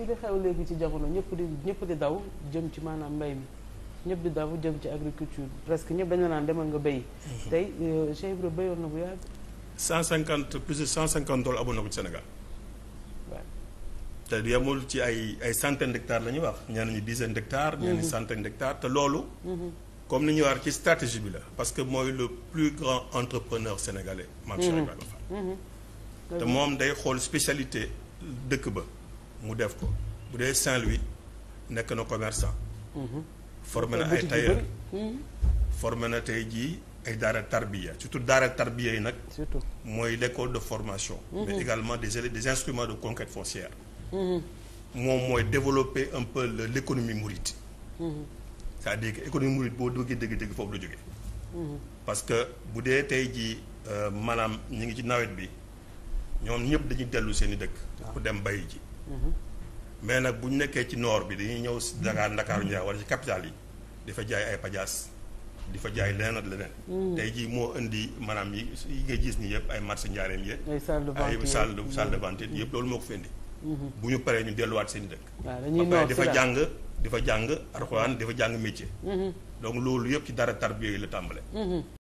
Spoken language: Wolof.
ci li xew léegi ci jamono ñëpp di ñëpp di daw jëm ci maanaam mbay mi ñëpp di daw jëm ci agriculture presque ñëpp dañu naan demal nga béy. Mhm. tey euh, Cheikh béyoon na bu yàgg. 150 plus de 150 dool abonné ko ci Sénégal. waaw. te yemul ci ay ay centaine d'hectares la ñuy wax ñenn ñi dizaine d'hectares. ñenn ñi mhm. centaine d'hectares te loolu. Mhm. comme ni ñu war ci stratégie bi la parce que mooy le plus grand entrepreneur sénégalais. Mame Cheikh Ibrahima Fall. te moom day xool spécialité dëkk ba. mu def ko bu dee Saint-Louis nekk na commerçant. Mhm. formé na ay tailleur mhm. formé na tey jii ay daara tarbiya surtout daara tarbiya yi nag. surtout mooy l'école de formation. Mhm. mais également des des instruments de conquête foncière. moom mooy développer un peu le mouride. c'est-à-dire que économie mouride boo duggee dëgg-dëgg foofu la jógee. parce que bu dee tey jii euh, malaam ñu ngi ci nawet bi ñoom ñëpp dañuy dellu seen i dëkk. Ah. pour dem bay ji. mais nag bu ñu nekkee ci noor bi dañuy ñëw si Dakar Ndakaaru Ndiaye wala ci capital yi di jaay ay pajaas di fa jaay leneen ak leneen. Mm. tey jii moo indi maanaam yi yi nga gis nii yëpp ay marché njaareem yeeg. ay salle de vente ay salle de mm. yëpp loolu moo ko fi mm-hmm. bu ñu paree ñu delluwaat seen dëkk. waaw dañuy noor jàng difa jàng alxuraan di fa jàng métier. Mm-hmm. donc loolu yëpp ci dara tarbiya yi la tàmbale. Mm-hmm.